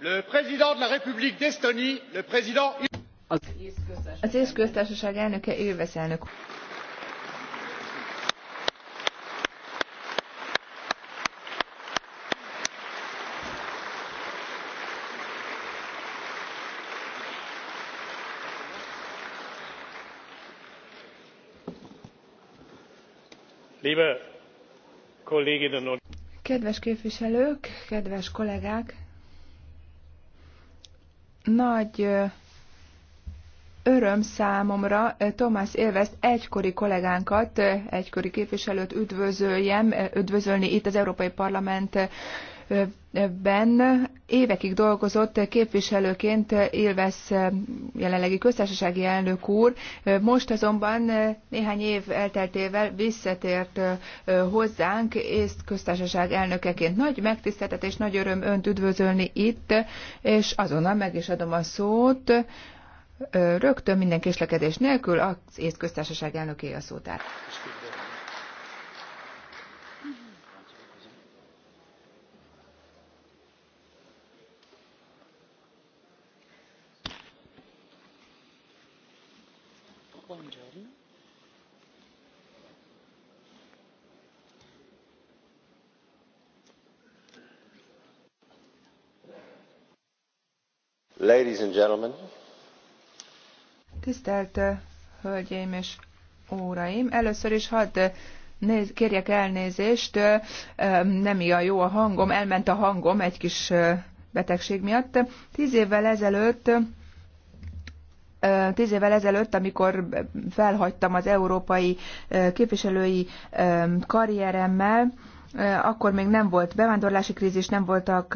Le président de la République d'Estonie, le président... Az ész köztársaság elnöke Ilves elnök. Liebe Kedves képviselők, kedves kollégák! nagy öröm számomra Tomás Élvezt egykori kollégánkat, egykori képviselőt üdvözöljem, üdvözölni itt az Európai Parlament ben évekig dolgozott képviselőként élvez jelenlegi köztársasági elnök úr, most azonban néhány év elteltével visszatért hozzánk és köztársaság elnökeként. Nagy megtiszteltetés, nagy öröm önt üdvözölni itt, és azonnal meg is adom a szót rögtön minden késlekedés nélkül az észt köztársaság elnöké a szótár. Köszönöm. Tisztelt eh, Hölgyeim és Óraim! Először is hadd eh, néz, kérjek elnézést, eh, nem ilyen jó a hangom, elment a hangom egy kis betegség miatt. Tíz évvel ezelőtt tíz évvel ezelőtt, amikor felhagytam az európai képviselői karrieremmel, akkor még nem volt bevándorlási krízis, nem voltak,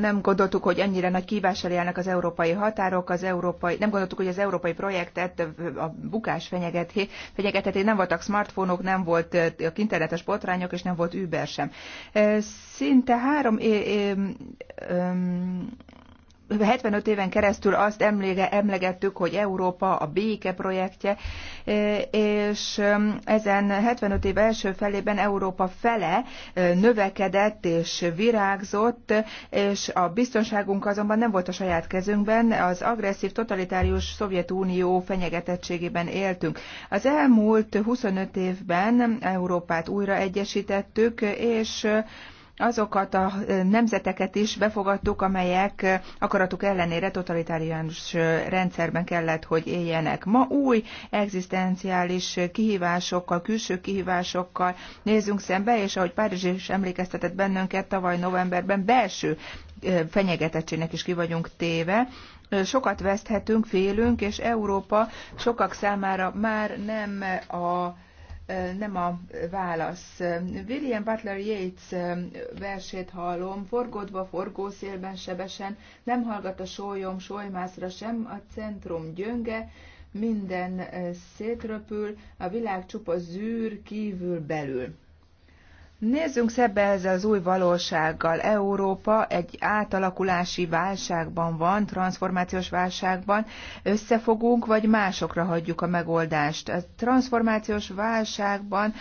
nem gondoltuk, hogy ennyire nagy kívással élnek az európai határok, az európai, nem gondoltuk, hogy az európai projektet a bukás fenyegetheti, fenyegetheti nem voltak smartfónok, nem volt internetes botrányok, és nem volt Uber sem. Szinte három é, é, 75 éven keresztül azt emléke, emlegettük, hogy Európa a béke projektje, e, és um, ezen 75 év első felében Európa fele e, növekedett és virágzott, és a biztonságunk azonban nem volt a saját kezünkben, az agresszív, totalitárius Szovjetunió fenyegetettségében éltünk. Az elmúlt 25 évben Európát újra egyesítettük, és azokat a nemzeteket is befogadtuk, amelyek akaratuk ellenére totalitáriánus rendszerben kellett, hogy éljenek. Ma új egzisztenciális kihívásokkal, külső kihívásokkal nézzünk szembe, és ahogy Párizs is emlékeztetett bennünket tavaly novemberben, belső fenyegetettségnek is ki vagyunk téve. Sokat veszthetünk, félünk, és Európa sokak számára már nem a nem a válasz. William Butler Yeats versét hallom, forgódva, forgószélben sebesen, nem hallgat a sólyom sólymászra sem, a centrum gyönge, minden szétröpül, a világ csupa zűr kívül belül. Nézzünk szebbe ezzel az új valósággal. Európa egy átalakulási válságban van, transformációs válságban. Összefogunk, vagy másokra hagyjuk a megoldást. A transformációs válságban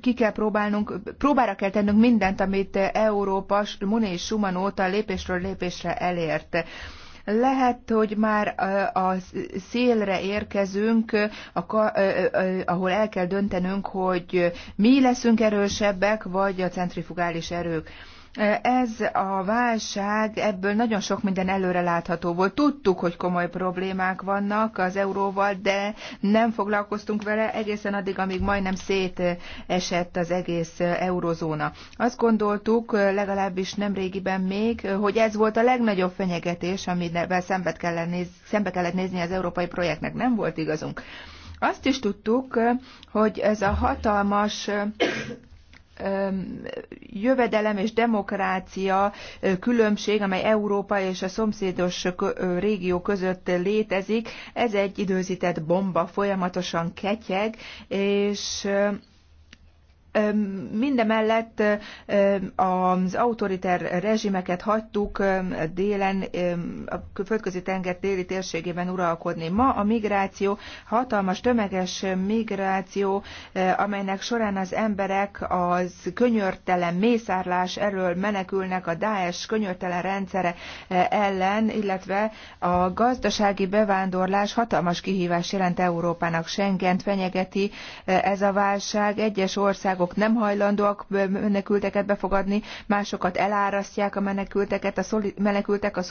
ki kell próbálnunk, próbára kell tennünk mindent, amit Európa Muni és Schumann óta lépésről lépésre elért lehet, hogy már a szélre érkezünk, ahol el kell döntenünk, hogy mi leszünk erősebbek, vagy a centrifugális erők. Ez a válság, ebből nagyon sok minden előre látható volt. Tudtuk, hogy komoly problémák vannak az euróval, de nem foglalkoztunk vele egészen addig, amíg majdnem szétesett az egész eurozóna. Azt gondoltuk, legalábbis nem régiben még, hogy ez volt a legnagyobb fenyegetés, amivel szembe kellett, szembe kellett nézni az európai projektnek. Nem volt igazunk. Azt is tudtuk, hogy ez a hatalmas jövedelem és demokrácia különbség, amely Európa és a szomszédos régió között létezik, ez egy időzített bomba, folyamatosan ketyeg, és Mindemellett az autoriter rezsimeket hagytuk délen, a földközi tenger déli térségében uralkodni. Ma a migráció, hatalmas tömeges migráció, amelynek során az emberek az könyörtelen mészárlás erről menekülnek a Daesh könyörtelen rendszere ellen, illetve a gazdasági bevándorlás hatalmas kihívás jelent Európának. Schengent fenyegeti ez a válság, egyes országok országok nem hajlandóak menekülteket befogadni, másokat elárasztják a menekülteket, a menekültek a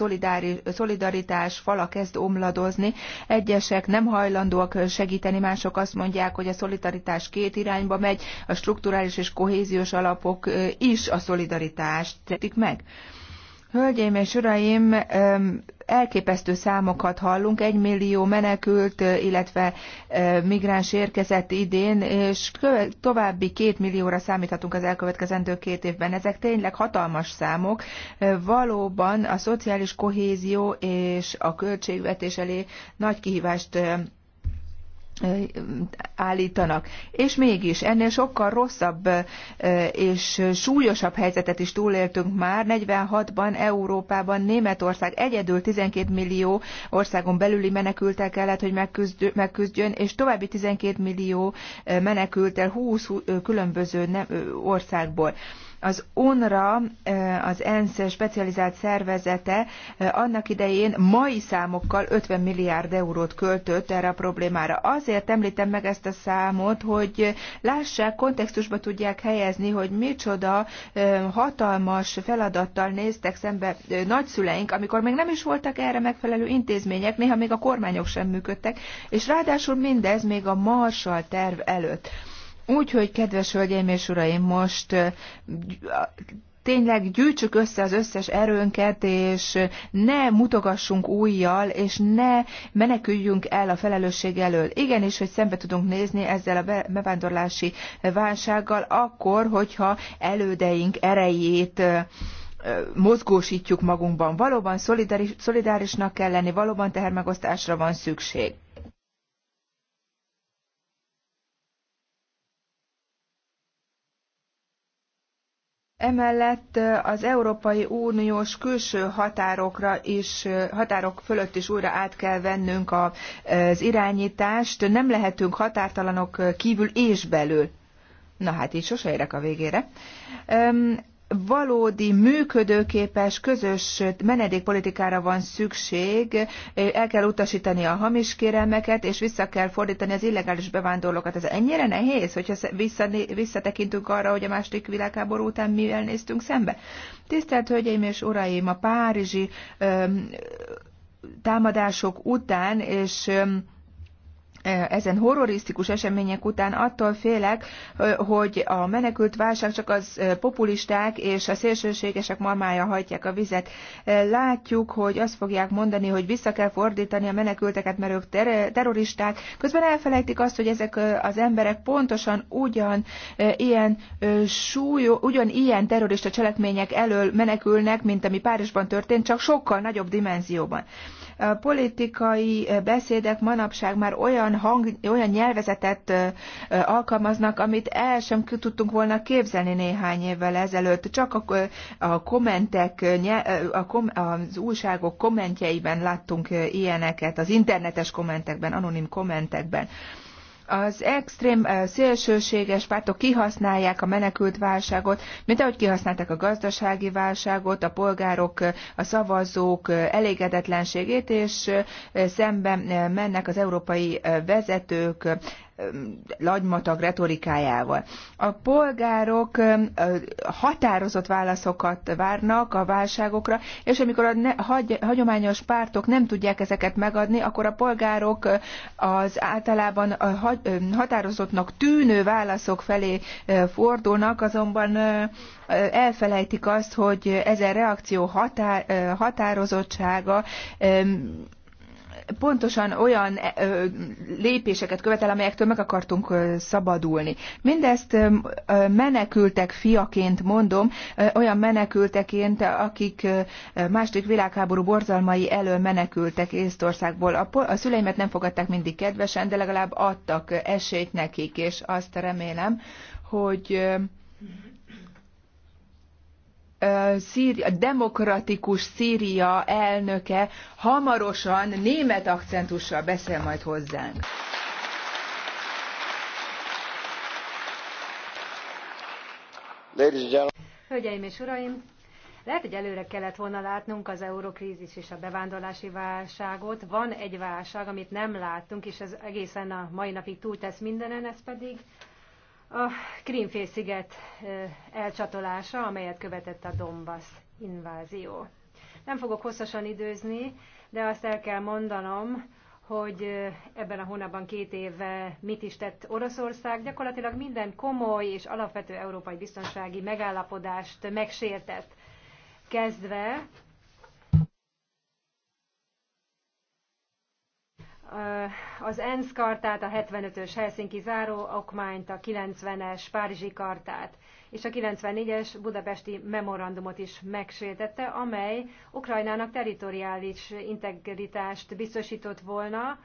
szolidaritás fala kezd omladozni, egyesek nem hajlandóak segíteni, mások azt mondják, hogy a szolidaritás két irányba megy, a strukturális és kohéziós alapok is a szolidaritást tetik meg. Hölgyeim és uraim, elképesztő számokat hallunk, egy millió menekült, illetve migráns érkezett idén, és további két millióra számíthatunk az elkövetkezendő két évben. Ezek tényleg hatalmas számok. Valóban a szociális kohézió és a költségvetés elé nagy kihívást állítanak. És mégis ennél sokkal rosszabb és súlyosabb helyzetet is túléltünk már. 46-ban Európában Németország egyedül 12 millió országon belüli menekültel kellett, hogy megküzdjön, és további 12 millió menekültel 20 különböző országból. Az UNRA, az ENSZ specializált szervezete annak idején mai számokkal 50 milliárd eurót költött erre a problémára. Azért említem meg ezt a számot, hogy lássák, kontextusba tudják helyezni, hogy micsoda hatalmas feladattal néztek szembe nagyszüleink, amikor még nem is voltak erre megfelelő intézmények, néha még a kormányok sem működtek, és ráadásul mindez még a Marshall terv előtt. Úgyhogy, kedves hölgyeim és uraim, most tényleg gyűjtsük össze az összes erőnket, és ne mutogassunk újjal, és ne meneküljünk el a felelősség elől. Igenis, hogy szembe tudunk nézni ezzel a bevándorlási válsággal, akkor, hogyha elődeink erejét mozgósítjuk magunkban. Valóban szolidárisnak kell lenni, valóban tehermegosztásra van szükség. Emellett eh, az Európai Uniós külső határokra is, eh, határok fölött is újra át kell vennünk eh, az irányítást. Nem lehetünk határtalanok kívül és belül. Na hát így sose érek a végére valódi, működőképes, közös menedékpolitikára van szükség, el kell utasítani a hamis kérelmeket, és vissza kell fordítani az illegális bevándorlókat. Ez ennyire nehéz, hogyha visszatekintünk arra, hogy a második világháború után mivel néztünk szembe. Tisztelt Hölgyeim és Uraim, a párizsi öm, támadások után és öm, ezen horrorisztikus események után attól félek, hogy a menekült válság csak az populisták és a szélsőségesek mamája hajtják a vizet. Látjuk, hogy azt fogják mondani, hogy vissza kell fordítani a menekülteket, mert ők ter- terroristák. Közben elfelejtik azt, hogy ezek az emberek pontosan ugyan ilyen súlyos, ugyan ilyen terrorista cselekmények elől menekülnek, mint ami Párizsban történt, csak sokkal nagyobb dimenzióban politikai beszédek manapság már olyan, hang, olyan nyelvezetet alkalmaznak, amit el sem tudtunk volna képzelni néhány évvel ezelőtt. Csak a, a kommentek, a a, az újságok kommentjeiben láttunk ilyeneket, az internetes kommentekben, anonim kommentekben. Az extrém szélsőséges pártok kihasználják a menekült válságot, mint ahogy kihasználták a gazdasági válságot, a polgárok, a szavazók elégedetlenségét, és szemben mennek az európai vezetők lagymatag retorikájával. A polgárok határozott válaszokat várnak a válságokra, és amikor a ne, hagy, hagyományos pártok nem tudják ezeket megadni, akkor a polgárok az általában a határozottnak tűnő válaszok felé fordulnak, azonban elfelejtik azt, hogy ez a reakció határ, határozottsága pontosan olyan lépéseket követel, amelyektől meg akartunk szabadulni. Mindezt menekültek fiaként mondom, olyan menekülteként, akik második világháború borzalmai elől menekültek Észtországból. A szüleimet nem fogadták mindig kedvesen, de legalább adtak esélyt nekik, és azt remélem, hogy Szíria, demokratikus Szíria elnöke hamarosan német akcentussal beszél majd hozzánk. Hölgyeim és uraim, lehet, hogy előre kellett volna látnunk az eurokrízis és a bevándorlási válságot. Van egy válság, amit nem láttunk, és ez egészen a mai napig túltesz mindenen, ez pedig a Krímfélsziget elcsatolása, amelyet követett a Donbass invázió. Nem fogok hosszasan időzni, de azt el kell mondanom, hogy ebben a hónapban két éve mit is tett Oroszország. Gyakorlatilag minden komoly és alapvető európai biztonsági megállapodást megsértett. Kezdve az ENSZ kartát, a 75-ös Helsinki záró okmányt, a 90-es Párizsi kartát és a 94-es budapesti memorandumot is megsértette, amely Ukrajnának territoriális integritást biztosított volna,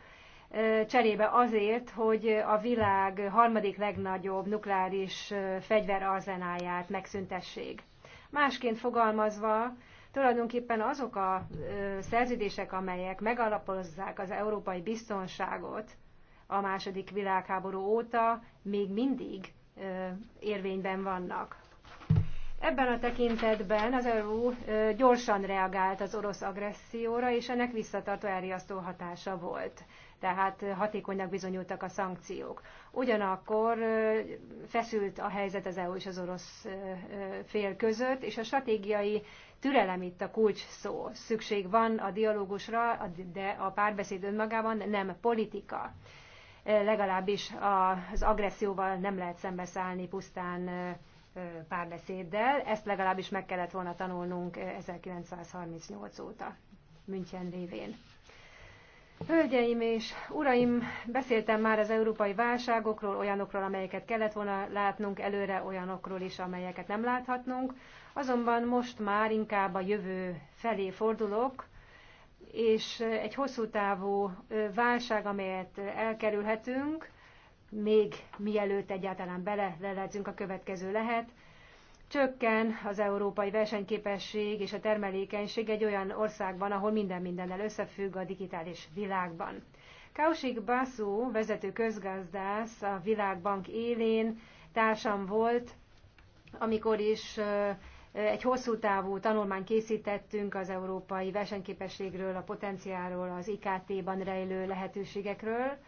cserébe azért, hogy a világ harmadik legnagyobb nukleáris fegyverarzenáját megszüntessék. Másként fogalmazva, Tulajdonképpen azok a szerződések, amelyek megalapozzák az európai biztonságot a második világháború óta, még mindig érvényben vannak. Ebben a tekintetben az EU gyorsan reagált az orosz agresszióra, és ennek visszatartó elriasztó hatása volt. Tehát hatékonynak bizonyultak a szankciók. Ugyanakkor feszült a helyzet az EU és az orosz fél között, és a stratégiai Türelem itt a kulcs szó. Szükség van a dialógusra, de a párbeszéd önmagában nem politika. E, legalábbis az agresszióval nem lehet szembeszállni pusztán e, e, párbeszéddel. Ezt legalábbis meg kellett volna tanulnunk 1938 óta München révén. Hölgyeim és uraim, beszéltem már az európai válságokról, olyanokról, amelyeket kellett volna látnunk előre, olyanokról is, amelyeket nem láthatnunk. Azonban most már inkább a jövő felé fordulok, és egy hosszú távú válság, amelyet elkerülhetünk, még mielőtt egyáltalán bele a következő lehet, csökken az európai versenyképesség és a termelékenység egy olyan országban, ahol minden mindennel összefügg a digitális világban. Kausik Basu, vezető közgazdász a Világbank élén társam volt, amikor is egy hosszú távú tanulmány készítettünk az európai versenyképességről, a potenciáról, az IKT-ban rejlő lehetőségekről,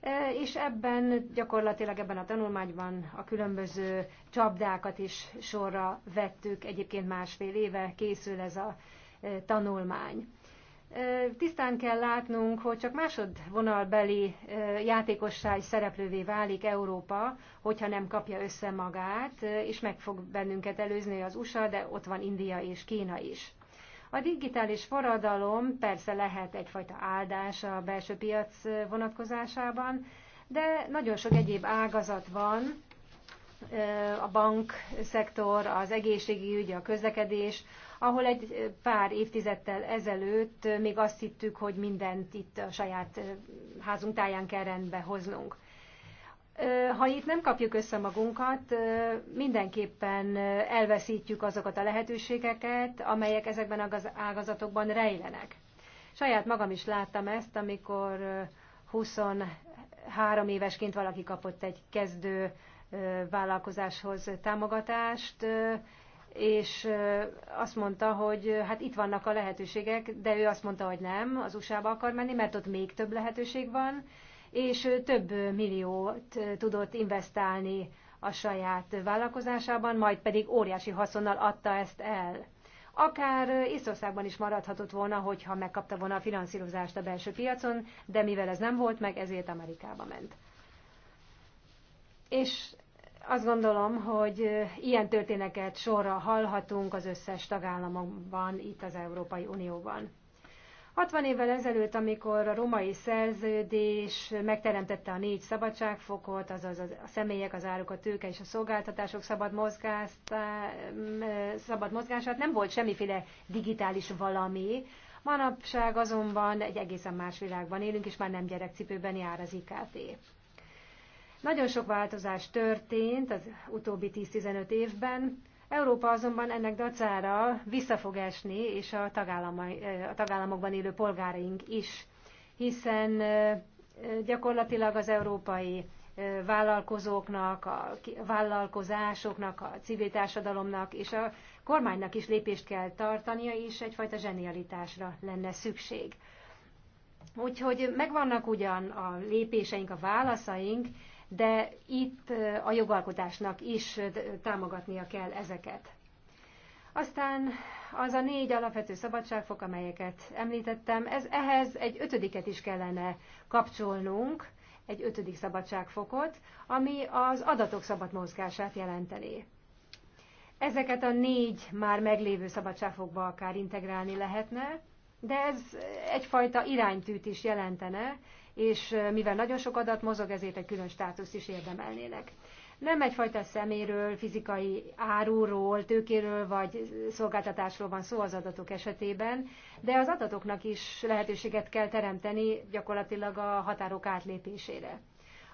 E, és ebben gyakorlatilag ebben a tanulmányban a különböző csapdákat is sorra vettük, egyébként másfél éve készül ez a e, tanulmány. E, tisztán kell látnunk, hogy csak másodvonalbeli játékosság szereplővé válik Európa, hogyha nem kapja össze magát, és meg fog bennünket előzni az USA, de ott van India és Kína is. A digitális forradalom persze lehet egyfajta áldás a belső piac vonatkozásában, de nagyon sok egyéb ágazat van, a bankszektor, az egészségügy, a közlekedés, ahol egy pár évtizedtel ezelőtt még azt hittük, hogy mindent itt a saját házunk táján kell rendbe hoznunk ha itt nem kapjuk össze magunkat, mindenképpen elveszítjük azokat a lehetőségeket, amelyek ezekben az ágazatokban rejlenek. Saját magam is láttam ezt, amikor 23 évesként valaki kapott egy kezdő vállalkozáshoz támogatást, és azt mondta, hogy hát itt vannak a lehetőségek, de ő azt mondta, hogy nem, az USA-ba akar menni, mert ott még több lehetőség van, és több milliót tudott investálni a saját vállalkozásában, majd pedig óriási haszonnal adta ezt el. Akár Észországban is maradhatott volna, hogyha megkapta volna a finanszírozást a belső piacon, de mivel ez nem volt meg, ezért Amerikába ment. És azt gondolom, hogy ilyen történeket sorra hallhatunk az összes tagállamokban, itt az Európai Unióban. 60 évvel ezelőtt, amikor a romai szerződés megteremtette a négy szabadságfokot, azaz a személyek, az áruk, a tőke és a szolgáltatások szabad, mozgást, eh, szabad mozgását, nem volt semmiféle digitális valami. Manapság azonban egy egészen más világban élünk, és már nem gyerekcipőben jár az IKT. Nagyon sok változás történt az utóbbi 10-15 évben, Európa azonban ennek dacára vissza fog esni, és a, a tagállamokban élő polgáraink is, hiszen gyakorlatilag az európai vállalkozóknak, a vállalkozásoknak, a civil társadalomnak és a kormánynak is lépést kell tartania, és egyfajta zsenialitásra lenne szükség. Úgyhogy megvannak ugyan a lépéseink, a válaszaink, de itt a jogalkotásnak is támogatnia kell ezeket. Aztán az a négy alapvető szabadságfok, amelyeket említettem, ez, ehhez egy ötödiket is kellene kapcsolnunk, egy ötödik szabadságfokot, ami az adatok szabad mozgását jelenteni. Ezeket a négy már meglévő szabadságfokba akár integrálni lehetne, de ez egyfajta iránytűt is jelentene, és mivel nagyon sok adat mozog, ezért egy külön státuszt is érdemelnének. Nem egyfajta szeméről, fizikai áruról, tőkéről vagy szolgáltatásról van szó az adatok esetében, de az adatoknak is lehetőséget kell teremteni gyakorlatilag a határok átlépésére.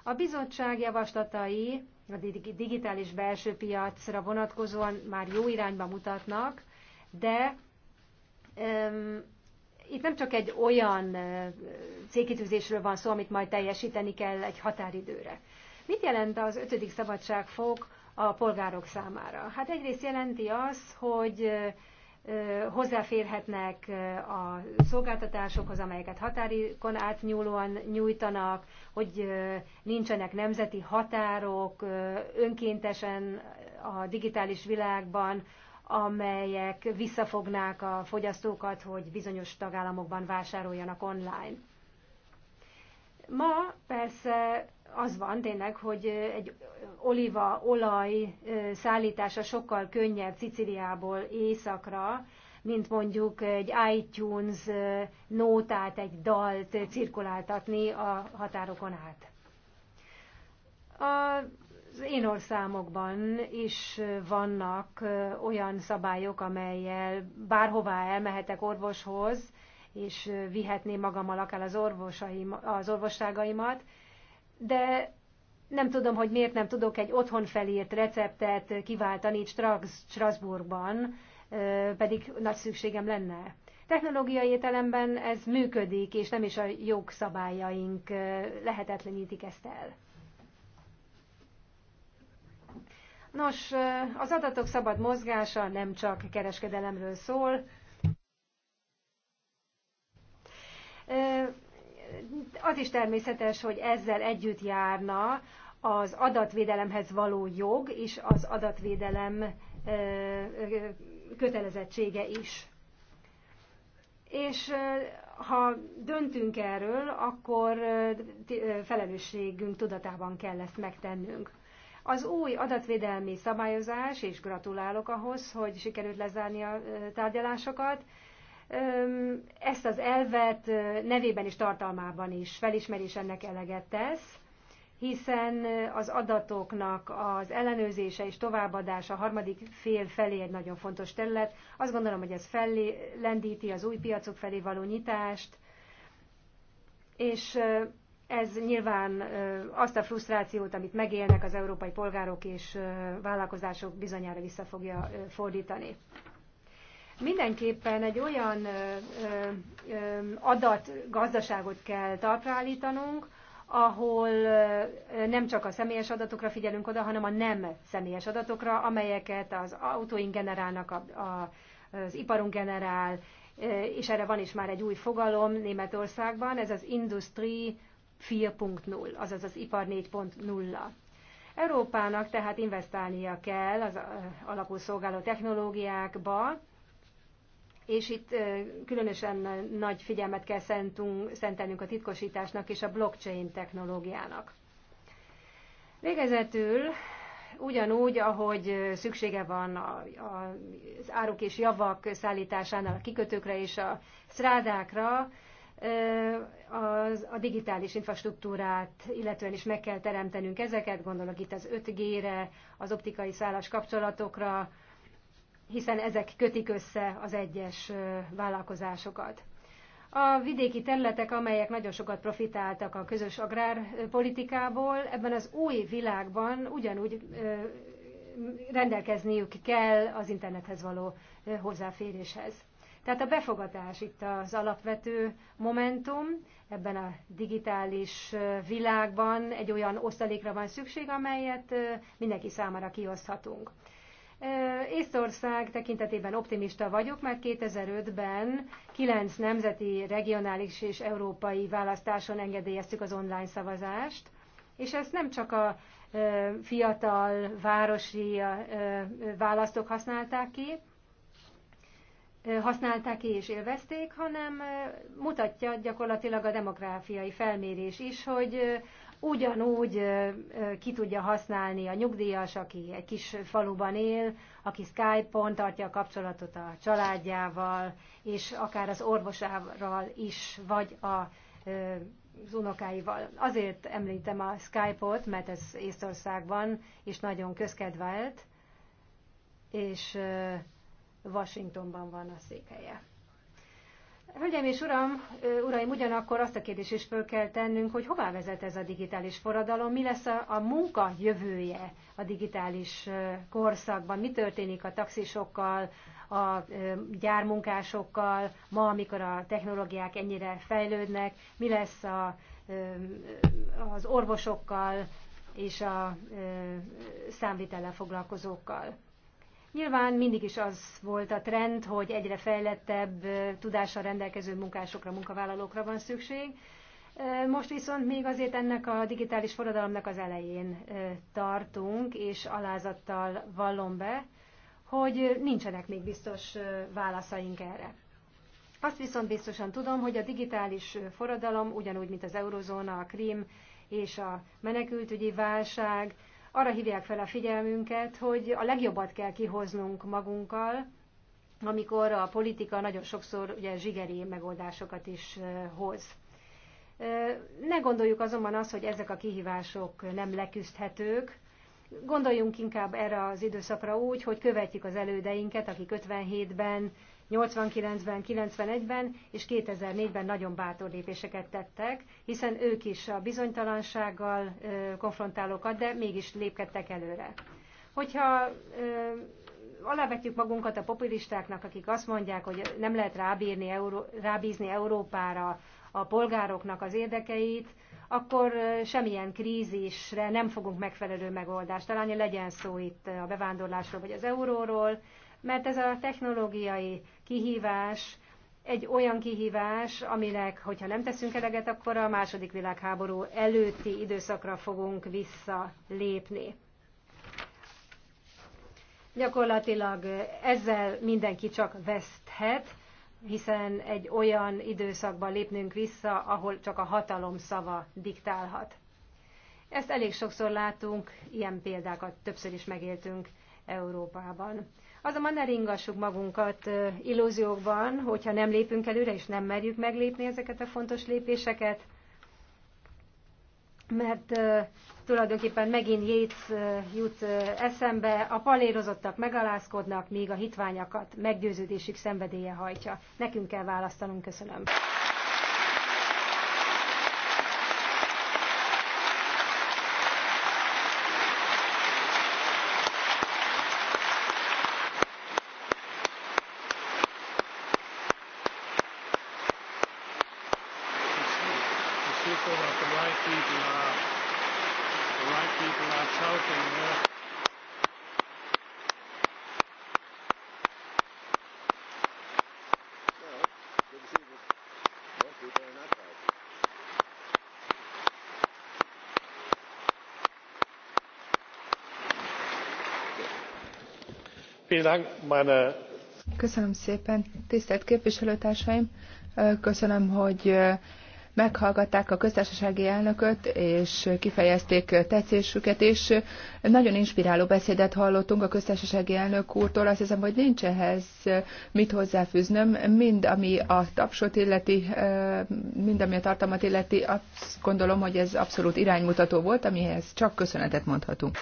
A bizottság javaslatai a digitális belső piacra vonatkozóan már jó irányba mutatnak, de itt nem csak egy olyan célkitűzésről van szó, amit majd teljesíteni kell egy határidőre. Mit jelent az ötödik szabadságfok a polgárok számára? Hát egyrészt jelenti az, hogy hozzáférhetnek a szolgáltatásokhoz, amelyeket határikon átnyúlóan nyújtanak, hogy nincsenek nemzeti határok, önkéntesen a digitális világban amelyek visszafognák a fogyasztókat, hogy bizonyos tagállamokban vásároljanak online. Ma persze az van tényleg, hogy egy oliva olaj szállítása sokkal könnyebb Ciciliából északra, mint mondjuk egy iTunes nótát, egy dalt cirkuláltatni a határokon át. A az én országokban is vannak olyan szabályok, amelyel bárhová elmehetek orvoshoz, és vihetném magammal akár az, orvosaim, az orvosságaimat, de nem tudom, hogy miért nem tudok egy otthon felírt receptet kiváltani itt Strasbourgban, pedig nagy szükségem lenne. Technológiai ételemben ez működik, és nem is a jogszabályaink lehetetlenítik ezt el. Nos, az adatok szabad mozgása nem csak kereskedelemről szól. Az is természetes, hogy ezzel együtt járna az adatvédelemhez való jog és az adatvédelem kötelezettsége is. És ha döntünk erről, akkor felelősségünk tudatában kell ezt megtennünk. Az új adatvédelmi szabályozás, és gratulálok ahhoz, hogy sikerült lezárni a tárgyalásokat, ezt az elvet nevében és tartalmában is felismerés ennek eleget tesz, hiszen az adatoknak az ellenőrzése és továbbadása a harmadik fél felé egy nagyon fontos terület. Azt gondolom, hogy ez felé lendíti az új piacok felé való nyitást, és ez nyilván azt a frusztrációt, amit megélnek az európai polgárok és vállalkozások bizonyára vissza fogja fordítani. Mindenképpen egy olyan adatgazdaságot kell talpra állítanunk, ahol nem csak a személyes adatokra figyelünk oda, hanem a nem személyes adatokra, amelyeket az autóink generálnak, a, a, az iparunk generál, és erre van is már egy új fogalom Németországban, ez az Industry 4.0, azaz az ipar 4.0. Európának tehát investálnia kell az szolgáló technológiákba, és itt különösen nagy figyelmet kell szentelnünk a titkosításnak és a blockchain technológiának. Végezetül ugyanúgy, ahogy szüksége van az áruk és javak szállításánál a kikötőkre és a szrádákra, az, a digitális infrastruktúrát, illetően is meg kell teremtenünk ezeket, gondolok itt az 5G-re, az optikai szállás kapcsolatokra, hiszen ezek kötik össze az egyes vállalkozásokat. A vidéki területek, amelyek nagyon sokat profitáltak a közös agrárpolitikából, ebben az új világban ugyanúgy rendelkezniük kell az internethez való hozzáféréshez. Tehát a befogadás itt az alapvető momentum, ebben a digitális világban egy olyan osztalékra van szükség, amelyet mindenki számára kioszthatunk. Észtország tekintetében optimista vagyok, mert 2005-ben kilenc nemzeti, regionális és európai választáson engedélyeztük az online szavazást, és ezt nem csak a fiatal városi választók használták ki, használták ki és élvezték, hanem mutatja gyakorlatilag a demográfiai felmérés is, hogy ugyanúgy ki tudja használni a nyugdíjas, aki egy kis faluban él, aki Skype-on tartja a kapcsolatot a családjával, és akár az orvosával is, vagy a az unokáival. Azért említem a Skype-ot, mert ez Észtországban is nagyon közkedvelt, és Washingtonban van a székhelye. Hölgyeim és uram, uraim, ugyanakkor azt a kérdést is föl kell tennünk, hogy hová vezet ez a digitális forradalom, mi lesz a, a munka jövője a digitális korszakban, mi történik a taxisokkal, a gyármunkásokkal, ma, amikor a technológiák ennyire fejlődnek, mi lesz a, az orvosokkal és a számvitellel foglalkozókkal. Nyilván mindig is az volt a trend, hogy egyre fejlettebb tudással rendelkező munkásokra, munkavállalókra van szükség. Most viszont még azért ennek a digitális forradalomnak az elején tartunk, és alázattal vallom be, hogy nincsenek még biztos válaszaink erre. Azt viszont biztosan tudom, hogy a digitális forradalom, ugyanúgy, mint az eurozóna, a krím és a menekültügyi válság, arra hívják fel a figyelmünket, hogy a legjobbat kell kihoznunk magunkkal, amikor a politika nagyon sokszor ugye zsigeri megoldásokat is hoz. Ne gondoljuk azonban azt, hogy ezek a kihívások nem leküzdhetők, Gondoljunk inkább erre az időszakra úgy, hogy követjük az elődeinket, akik 57-ben 89-ben, 91-ben és 2004-ben nagyon bátor lépéseket tettek, hiszen ők is a bizonytalansággal konfrontálókat, de mégis lépkedtek előre. Hogyha alávetjük magunkat a populistáknak, akik azt mondják, hogy nem lehet rábírni, rábízni Európára a polgároknak az érdekeit, akkor semmilyen krízisre nem fogunk megfelelő megoldást találni, legyen szó itt a bevándorlásról vagy az euróról, mert ez a technológiai kihívás egy olyan kihívás, aminek, hogyha nem teszünk eleget, akkor a második világháború előtti időszakra fogunk visszalépni. Gyakorlatilag ezzel mindenki csak veszthet, hiszen egy olyan időszakban lépnünk vissza, ahol csak a hatalom szava diktálhat. Ezt elég sokszor látunk, ilyen példákat többször is megéltünk Európában. Azonban ne ringassuk magunkat illúziókban, hogyha nem lépünk előre, és nem merjük meglépni ezeket a fontos lépéseket, mert tulajdonképpen megint Jéz jut eszembe, a palérozottak megalázkodnak, míg a hitványakat meggyőződésük szenvedélye hajtja. Nekünk kell választanunk, köszönöm. Köszönöm szépen, tisztelt képviselőtársaim! Köszönöm, hogy meghallgatták a köztársasági elnököt, és kifejezték tetszésüket, és nagyon inspiráló beszédet hallottunk a köztársasági elnök úrtól. Azt hiszem, hogy nincs ehhez mit hozzáfűznöm. Mind, ami a tapsot illeti, mind, ami a tartalmat illeti, azt gondolom, hogy ez abszolút iránymutató volt, amihez csak köszönetet mondhatunk.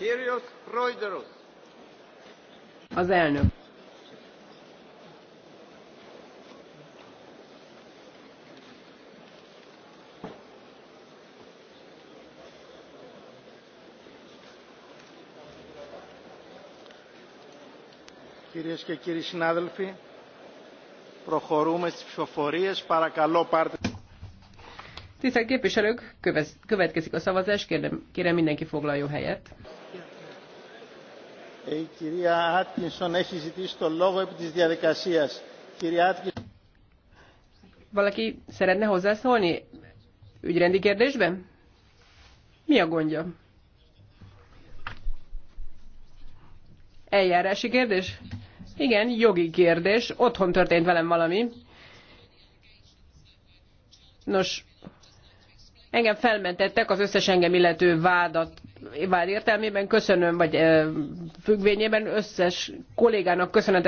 Kyrios Proideros. Az elnök. Κυρίες και κύριοι συνάδελφοι, προχωρούμε στις ψηφοφορίες. Παρακαλώ πάρτε... Tisztelt képviselők, következik a szavazás, kérem, kérem mindenki foglaljon helyet. Valaki szeretne hozzászólni ügyrendi kérdésben? Mi a gondja? Eljárási kérdés? Igen, jogi kérdés. Otthon történt velem valami. Nos, Engem felmentettek az összes engem illető vádat, vád értelmében, köszönöm, vagy függvényében összes kollégának köszönetet